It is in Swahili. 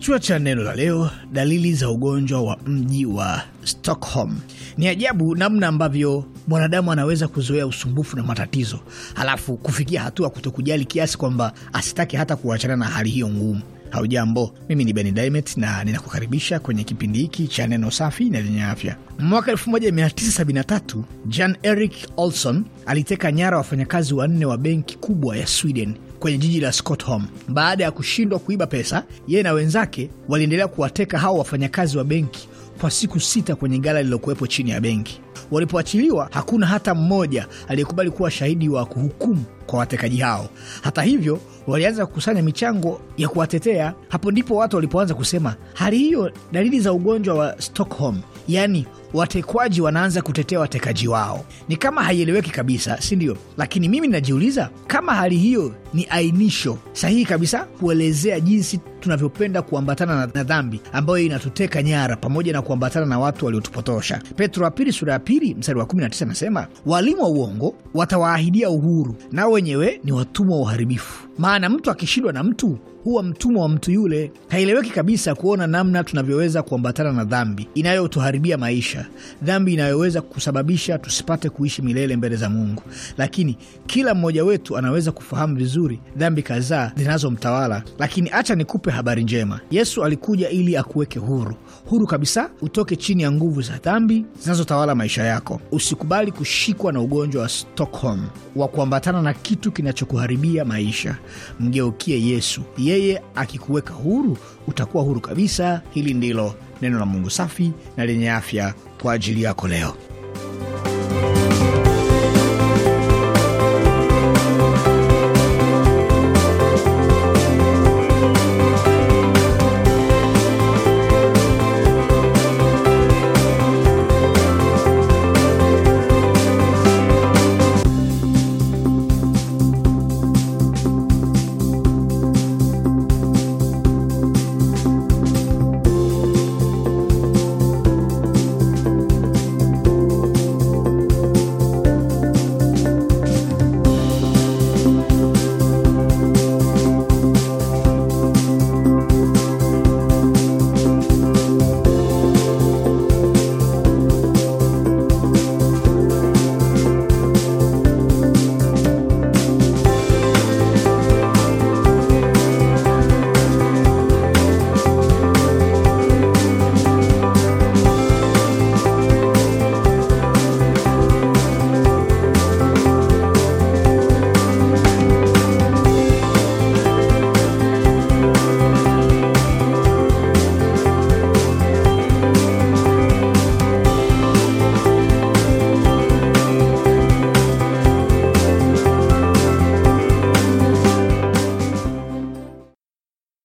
Kichwa cha neno la leo: dalili za ugonjwa wa mji wa Stockholm. Ni ajabu namna ambavyo mwanadamu anaweza kuzoea usumbufu na matatizo, halafu kufikia hatua kutokujali kiasi kwamba asitaki hata kuachana na hali hiyo ngumu. Haujambo, mimi ni Beni Dimet na ninakukaribisha kwenye kipindi hiki cha neno safi na lenye afya. Mwaka 1973 Jan Erik Olson aliteka nyara wafanyakazi wanne wa benki kubwa ya Sweden kwenye jiji la Stockholm. Baada ya kushindwa kuiba pesa, yeye na wenzake waliendelea kuwateka hao wafanyakazi wa benki kwa siku sita kwenye gala lililokuwepo chini ya benki. Walipoachiliwa, hakuna hata mmoja aliyekubali kuwa shahidi wa kuhukumu kwa watekaji hao. Hata hivyo, walianza kukusanya michango ya kuwatetea. Hapo ndipo watu walipoanza kusema, hali hiyo dalili za ugonjwa wa Stockholm, yaani watekwaji wanaanza kutetea watekaji wao. Ni kama haieleweki kabisa, si ndio? Lakini mimi najiuliza kama hali hiyo ni ainisho sahihi kabisa kuelezea jinsi tunavyopenda kuambatana na dhambi ambayo inatuteka nyara pamoja na kuambatana na watu waliotupotosha. Petro wa pili sura ya pili mstari wa 19 anasema, walimu wa uongo watawaahidia uhuru, nao wenyewe ni watumwa wa uharibifu. Maana mtu akishindwa na mtu huwa mtumwa wa mtu yule. Haieleweki kabisa kuona namna tunavyoweza kuambatana na dhambi inayotuharibia maisha, dhambi inayoweza kusababisha tusipate kuishi milele mbele za Mungu. Lakini kila mmoja wetu anaweza kufahamu vizuri dhambi kadhaa zinazomtawala. Lakini acha nikupe habari njema, Yesu alikuja ili akuweke huru, huru kabisa, utoke chini ya nguvu za dhambi zinazotawala maisha yako. Usikubali kushikwa na ugonjwa wa Stockholm wa kuambatana na kitu kinachokuharibia maisha. Mgeukie Yesu yeye akikuweka huru utakuwa huru kabisa. Hili ndilo neno la Mungu safi na lenye afya kwa ajili yako leo.